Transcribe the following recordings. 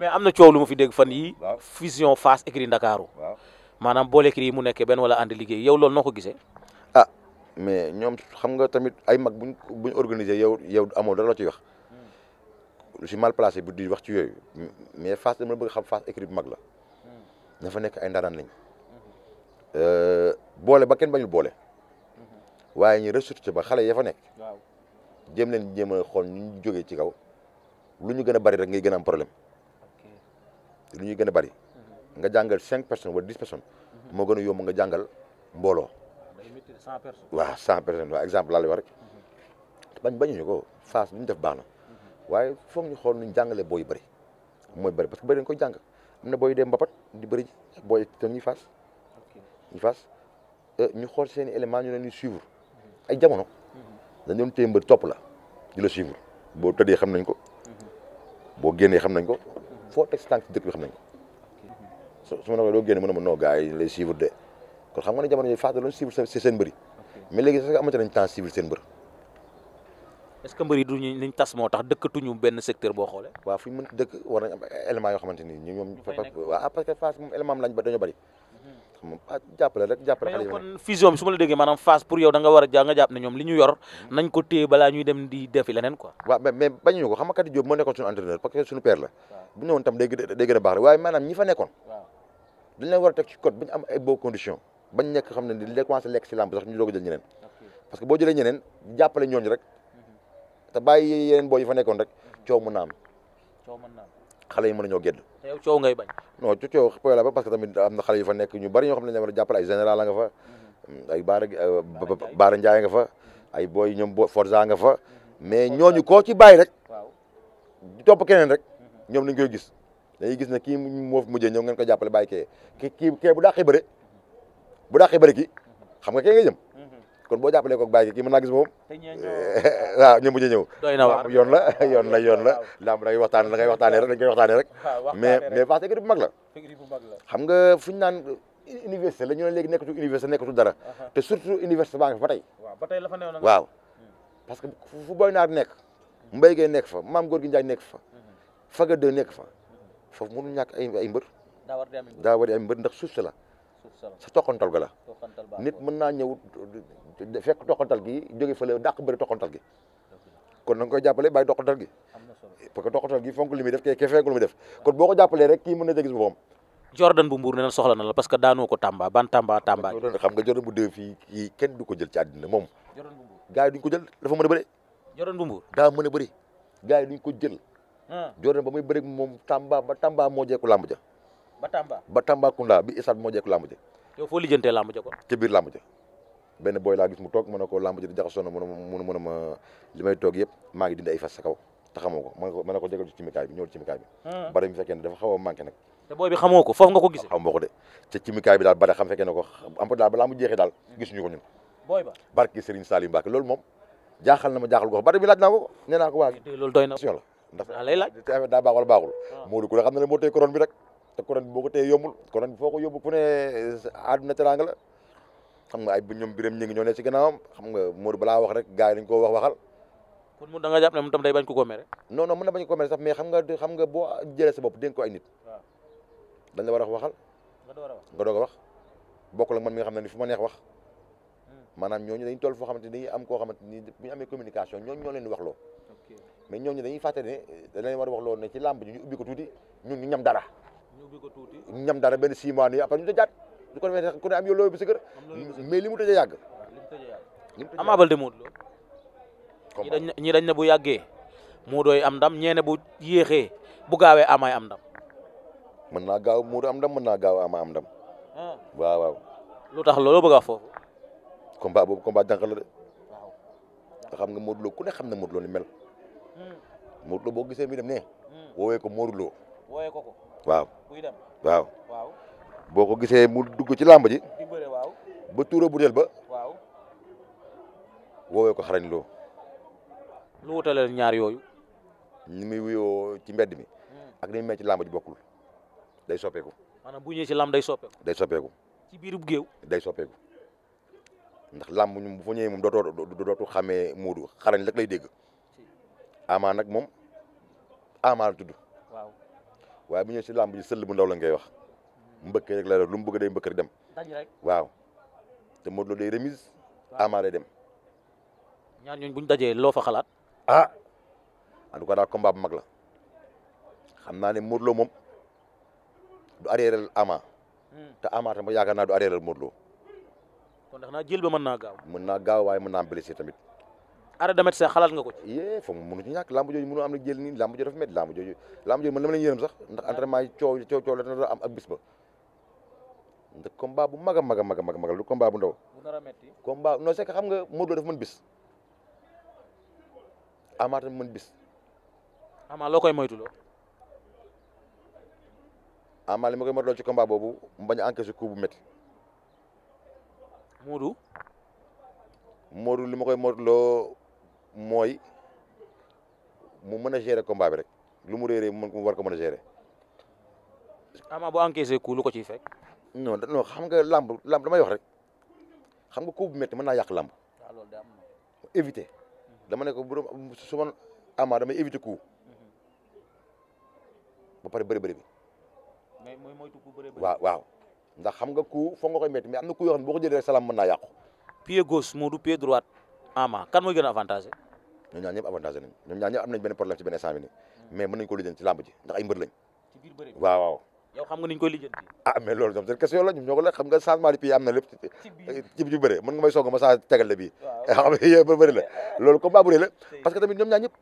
mais am na coow lu ma fi dégg fan yi fusion Fass écurie Ndakaaru maanaam boole écurie yi mu nekkee benn wala ànd liggéey yow loolu noo ko gisee a ah, mais ñoom xam nga tamit ay mag buñ buñ organisé yow yow amoo dara la ciy wax lu hmm. si mal placé bu di wax ci yooyu mais Fass dama bëgg xam Fass écurie bu mag la ña hmm. fa nekk ay ndaanaan lañ euh, boole ba kenn bañul boole hmm. waaye ñu recherche ba xale ya fa nekk jéem leen jéem a xool ñu jógee ci kaw lu ñu gën a bari rek ngay gën a am problème lu ñuy gën a bari nga jàngal cinq personnes wala dix personnes moo gën a yomb nga jàngal mbooloo. waaw cent personnes waaw exemple laa lay wax rek bañ bañuñu ko phase bi ñu def baax na waaye foog ñu xool nuñ jàngalee booy yu bëri mooy bari parce que bëri dañ koy jàng am na booy dem mbapat di bari ji booy te ñuy faas ñu faas ñu xool seen i éléments ñu leen di ay jamono dañ doon téye mbër topp la di la suivre boo tëddee xam nañ ko boo génnee xam nañ ko foo teg si tànk dëkk bi xam nañ ko su ma ne ko doo génn mën a ma noo gars yi lay suivre de kon xam nga ne jamono yooyu Fass da doon si seen mbëri mais léegi sax amati nañ temps suivre seen mbër est-ce que mbër du ñu liñ tas moo tax dëkkatuñu benn secteur boo xoole waaw fu ñu mën dëkk war nañ am yoo xamante ni ñu ñoom waaw parce que Fass lañ ba dañoo bari moom ah jàppale rek jàppale xale yi kon fusion bi maanaam phase pour yow da war a ja ne ñoom li ñu yor nañ ko téye ñuy dem di defi leneen quoi waaw mais mais ko xam nga Kati Diop moo a baax rek waaye maanaam ñi fa nekkoon dañ leen war a teg ci code bañu am ay bonnes conditions bañ nekk xam ne di lee commencé lekk si làmb sax ñu doog a jël ñeneen parce que boo jëlee ñeneen jàppale ñooñu rek mhm. te bàyyi yeneen boo yi fa nekkoon rek na am xale yi mën nañoo gédd te yow coow ngay bañ non ci coow poy la ba parce que tamit am na xale yu fa nekk ñu bari ñoo xam ne dañu a jàppale ay général la nga fa mhm. ay Baara Baara nga fa mhm. ay booy ñoom bo Forza nga fa mhm. mais ñooñu koo ci bàyyi rek di topp keneen rek ñoom lañ koy gis dañuy gis ne kii moo fi ñoom ngeen ko jàppale bàyyi kee kii kii bu dàqee bëre bu dàqee bëre xam nga kee nga jëm kon boo jàppalee ko bàyyi kii mën naa gis moom waaw yoon la yoon la yoon la lamb da ngay waxtaane da ngay waxtaane rek dañ koy waxtaane rek mais mais Fass écurie bu mag la xam nga fu ñu naan université la ñu ne léegi nekkatu université nekkatu dara te surtout université baa nga fa ba tey waaw hmm. parce que fu boy naar nekk mbay gee nekk fa maam góor gi njaay nekk fa hmm. faga de nekk fa foofu mënul ñàkk ay ay mbër daa war di ndax suuf la sa toqantal ga la nit mën naa ñëw fekk toqantal gi jóge fële dàq bëri toqantal gi kon na nga koy jàppale bàyyi toqantal gi parce que toqantal gi fonk li muy def kay fekk lu muy def kon boo ko jàppalee rek kii mën na jégis boppam Jordan bu na soxla na la parce que daanoo ko Tamba ban Tamba Tamba xam nga Jordan bu dee fii kii kenn du ko jël ci àddina moom gars yi duñ ko jël dafa mën a bëri Jordan bu daa mën a bëri gars yi duñ ko jël ah. Jordan ba muy bëri moom Tamba ba Tamba moo jeeku lamba ja ba Tamba ba Tambacounda bi Issa moo jekk làmb ji. yow foo lijjantee làmb gis mu toog mën na koo làmb ji di a a ma li may toog yëpp maa ngi dindi ay fas sa kaw te xamoo ko cimikaay bi ñëw cimikaay bi. Hmm. bare a manqué xam fekkee ne ko am daal balaa mu daal hmm. gisuñu ko ñun. booy ba barki Serigne Saliou moom jaaxal na ma jaaxal gox bare bi laaj naa ko nee naa ko waa. loolu doy na la ndax lay laaj daa baax baaxul. Ah. Modou ku xam na ne moo tey couronne bi rek te couronne bi boo ko téye yombul couronne bi foo ko yóbbu ku ne eh, àdduna teraanga la xam nga ay bu ñoom biram ñu ngi ñoo ne ci gannaawam xam nga Modou balaa wax rek gars yi dañu wax waxal. kon mu da nga jàpp ne tam day bañ ko ko mere. non non mën na bañ ko ko mere sax mais xam xam nga boo jëlee sa bopp dénk ko nit. waaw dañ war a waxal. nga doog a wax nga doog a wax bokkul ak man mi nga xam ne ni fu ma neex wax. Hmm. maanaam ñooñu dañu toll foo xamante ni dañuy am koo xamante ni bu ñu amee communication leen di waxloo. mais ñooñu dañuy fàtte ne war a waxloo ne ci làmb ji ñu ubbi ko tuuti ñun ñu ñam dara ñam dara benn six mois nii am yow bu si kër mais li mu tëjee yàgg. Ama Baldé Modou Lô. dañ ne ñi dañ ne bu yàggee Modou am ndam ñeene bu yéexee bu gaawee Amaay am dam mën naa gaaw Modou am mën naa gaaw ah. waaw waaw. lu tax loolu bëgg a foofu. combat boobu combat jànq la de. waaw nga xam nga Modou ku ne xam ne Modou Lô ni mel. Hmm. Modou Lô boo gisee mi dem ne. Hmm. woowee ko Modou ko. waaw waaw boo ko gisee mu dugg ci làmb ji ba tuura butéel ba woowee ko xarañ loo lu wutale ñaar yooyu ni muy wuyoo ci mbedd mi hmm. ak ni muy mel ci làmb ji bokkul day soppeeku maanaam bu ñëwee ci làmb day soppeeku day soppeeku ci biirub géew day soppeeku ndax làmb ñu bu fa ñëwee moom dootoo dootu xamee Moodu xarañ rek lay dégg Ama nag moom Ama la tudd waaye bu ñëwee si làmb ji sëll bu ndaw la ngay wax mbëkk rek la lu mu bëgg day mbëkk rek dem. waaw te Modou Lo day Ama day dem. ñaar ñooñu bu dajee loofa xalaat. ah en tout daal combat bu mag la xam naa ne Modou Lo moom du arrière Ama. Hmm. te Ama tam yaakaar naa du arrière Modou Lo. kon naa jël ba mën naa gaaw. mën naa gaaw waaye mën naa blessé tamit. arrêt de médecin xalaat nga ko ci yée am na jël nii lamb jooju dafa métti lamb jooju lamb jooju man dama leen yërëm sax ndax entraînement yi coow coow coow la dana am bis ba ndax combat bu mag a maga a mag a mag lu combat bu ndaw xam nga Modou Lo dafa mën bis Ama tam mën bis Ama loo koy moytuloo Ama li ma koy moytuloo ci boobu mu bañ a encaissé coup mooy mu mën a gérer combat rek lu mu réeree mu war ko mën a gérer. Ama bu encaissé coup lu ko ciy fekk. non xam nga lamb làmb damay wax rek xam nga coup bu métti mën naa yàq làmb. waaw ah, éviter. dama ne ko bu doon su ma Ama damay éviter coup mhm. ba pare bëri bëri waaw ndax xam nga coup foog nga koy métti mais am na coup yoo xam boo ko jëlee rek salaam mën naa yàqu. pied gauche moo du droite. Ama kan mooy gën a avantage ñoom ñaar ñëpp avantage nañ ñoom ñaar ñëpp am nañ benn problème ci benn instant bi nii mais mën nañ ko lijjanti ci làmb ji ndax ay mbër lañ ci biir bëri waaw waaw yow nga niñ koy lijjanti ah am na lépp ci biir bëri mën nga may soog ma saa tegal la bii xam nga yéen la loolu combat bu rëy la parce que tamit ñoom ñaar ñëpp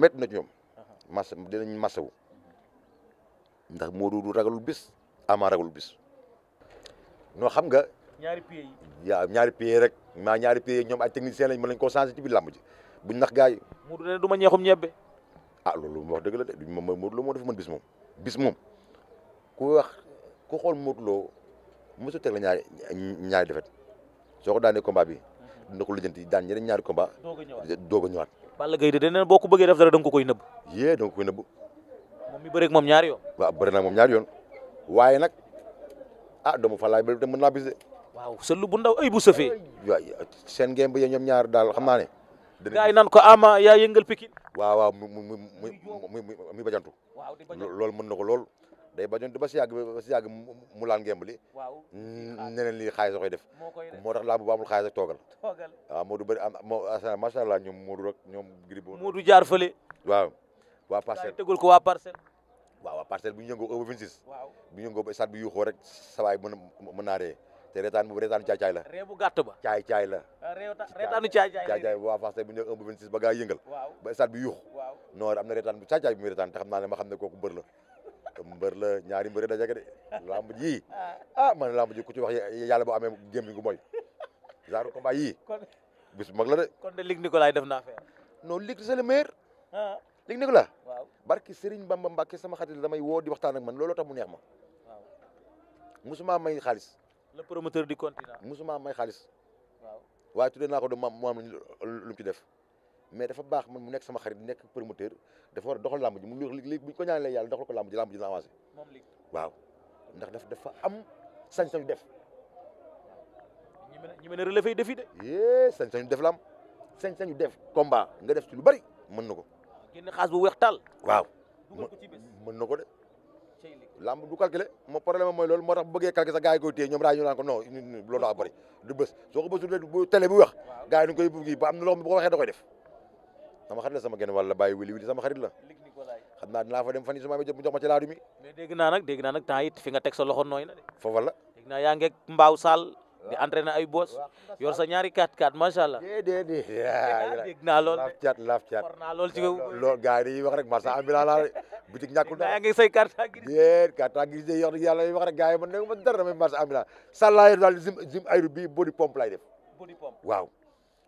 métti na ci ñoom uh-huh. mas ndax Modou du ragalul bis Ama ragalul bis non xam nga ñaari pieds yi. waaw ñaari pieds rek maa ñaari pieds ñoom ay technicien lañ mën nañ koo changé ci biir làmb ji buñ nax gars yi. Modou ne du ma ñeexum ñebbe. a ah, loolu wax dëgg la de duñ moom Modou Lo moo dafa mën bis moom bis moom ku wax ku xool Modou Lo ñaari ñaari defet soo ko daanee combat bi. Mhm. dina ko lijjanti daan ñeneen ñaari combat. doog a ñëwaat doog a ñëwaat. Balla Gaye de danañ boo ko bëggee def dara da nga ko koy nëbb. yee da ko koy nëbb. moom mi bëreeg moom ñaari yoo waaw na moom ñaari yoon waaye nag ah doomu Falaay ba te mën naa de. waaw sëllu bu ndaw ay bu sëfee. seen ngeen bu ñoom ñaar daal xam naa ne. gaay nan ko ama yaa yëngal pikin. waaw waaw mu mu mu mu mu bajantu. waaw di bajantu ko lool. day bajantu ba si yàgg ba si yàgg mu laal ngeen li. waaw neneen li xaalis la def. moo tax laa bu amul xaalis ak toogal. toogal waaw Modou bëri am moo macha allah ñoom Modou rek ñoom. Gribo Modou jaar fële. waaw waa parcelle tegul ko waa parcelle. waaw waa parcelle bu ñu yëngoo ba 26. waaw bu ñu yëngoo ba stade yuuxoo rek saa waay mën te reetaan boobu reetaanu caay caay la réew bu gàtt ba caay caay la ah, reetaanu caay caay bu waa Fass tey bu ñëw 1 ba 26 ba gaa yëngal ba stade bi yuux noor am na reetaan bu caay caay bi muy reetaan te xam naa ne ma xam ne kooku mbër la mbër la ñaari mbër daje de lamb ji ah. ah man lamb ji ku ci wax yàlla boo amee gémmiñ gu mooy genre combat yii bis bu mag la de kon de Luc Nicolaï def naa affaire non Luc c'est le maire ah. Luc Nicolaï waaw barki Serigne Bamba Mbacke sama xarit damay woo di waxtaan ak man looloo tax mu neex ma musuma may xaalis le promoteur du continent. musuma may xaalis. waaw waaye tuddee naa ko du ma mu am lu mu ci def. mais dafa baax man mu nekk sama xarit nekk promoteur dafa war a doxal mu léegi bu ñu ko ñaanalee yàlla doxal ko làmb ji làmb ji dina avancé. moom waaw ndax dafa dafa am sañ-sañu def. ñi mën a ñi mën a relever défi de. yee sañ-sañu def la am sañ def combat nga def ci lu bari mën na ko. génn xaas bu weex mën na ko de. lamb du calculer mo problème mooy loolu moo tax bëggee calculer sa gars koy téye ñoom daa ñu naan ko non loolu daa du bës soo ko bësul bu télé bu wax gars yi koy bugg ba am na loo xam bu ko waxee da def sama xarit la sama genn wàll bàyyi wili wili sama xarit la xam naa fa dem fan yi suma jox ma ci laadu mi mais nag dégg fi nga teg loxo nooy na de foofa la dégg naa yaa mbaaw saal di na ay boos yor sa ñaari 4-4 macha allah. déedéet dégg naa lool laaf cat laaf cat war naa lool ci kaw. loolu gars yi dañuy wax rek marchand ambulant laa bitik a dara yaa ngi say carte grise déet carte grise de wax dëgg yàlla ma dara damay marchand ambulant daal zim zim ayru bi body pompe lay def. waaw.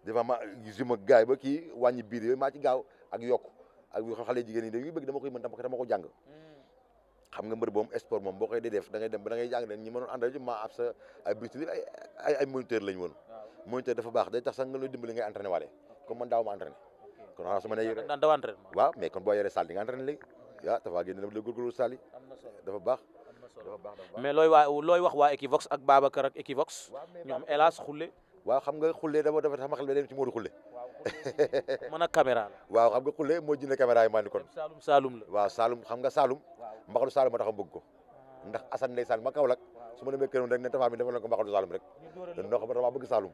dafa ma zim ak gars yi ba kii wàññi biir yooyu maa ci gaaw ak yokk ak xale jigéen ñi dañuy bëgg dama koy mën dama ko jàng. Hmm. xam nga mbër boom sport moom boo koy dee ba da ngay jàng leen ñi mënoon ma ab sa ay butili ay woon moniteur dafa baax day tax sax nga looy dimbali ngay entraîné waale comme man ma entraîné ma nee waaw mais kon boo yoree salle nga entraîné léegi waaw dafa génn la dafa baax dafa looy waa looy wax waa Equivox ak Babacar ak Equivox ñoom hélas xam nga xulle d'abord dafa tax ma xel bi dem ci Modou xulle mën a xam nga xulle moo jënd caméra yi maa ni kon Saalum Saalum la Saalum xam nga Saalum mbaxalu Saloum moo tax ma bëgg ko ndax Assane ndeysaan ma Kaolack su ma demee këram rek ne Tapha mi defal na ko mbaxalu Saloum rek ndox ma damaa bëgg Saloum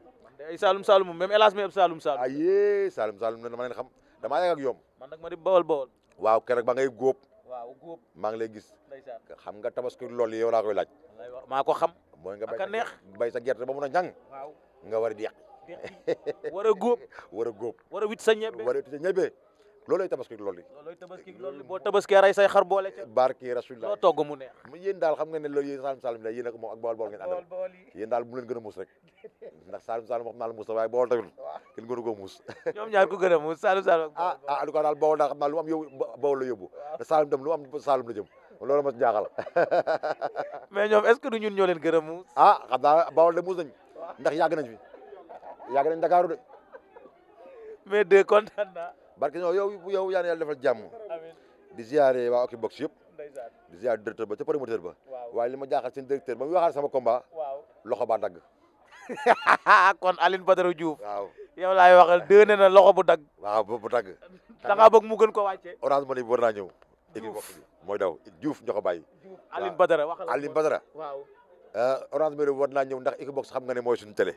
ay Saloum Saloum même hélas mais Saloum Saloum ayé Saloum Saloum na dama leen xam damaa yàgg ak ma di bawal bawal waaw keroog ba ngay góob waaw góob maa ngi lay gis xam nga tabaski loolu yow laa koy laaj maa ko xam mooy nga neex bay sa gerte ba mun a ñang nga war a di yàq war a góob war góob war a sa ñebe war a wit sa ñebe loolooy tabaski loolu loolooy tabaski loolu boo tabaski rey say xar boole ca barki rasulillah loo togg mu neex yéen daal xam nga ne loolu yéen saalum saalum la yéen ak moom ak bool bool ngeen àndal yéen daal bu leen gën a muus rek ndax saalum saalum wax naa la muus waaye bool tamit kenn gënu koo muus ñoom ñaar ko gën a muus saalum saalum ah ah lu ko daal bool daal xam naa lu am yow bool la yóbbu te saalum tam lu am saalum la jëm loolu ma jaaxal mais ñoom est-ce que du ñun ñoo leen gën a muus ah xam naa bool de muus nañ ndax yàgg nañ fi yàgg nañ Dakar de mais de kontaan naa barke ñoo yow yow yaa na yàlla defal jàmm di ziare waa Equivox yëpp di ziare directeur ba ca promoteur ba waaye li ma jaaxal seen directeur ba mu waxaat sama combat loxo baa dagg kon Aline Badara Diouf waaw yow laay waxal deux nee na loxo bu dagg waaw bu dagg da ngaa bëgg mu gën ko wàcce orange money bi war naa ñëw Equivox bi mooy daw Diouf ñoo ko bàyyi Aline Badara waxal Aline Badara waaw euh, orange money bi naa ñëw ndax Equivox xam nga ne mooy suñu télé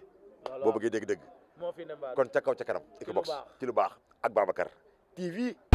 boo bëggee dégg-dégg moo fi ne kon ca kaw ca kanam Equivox ci lu baax ak Babacar TV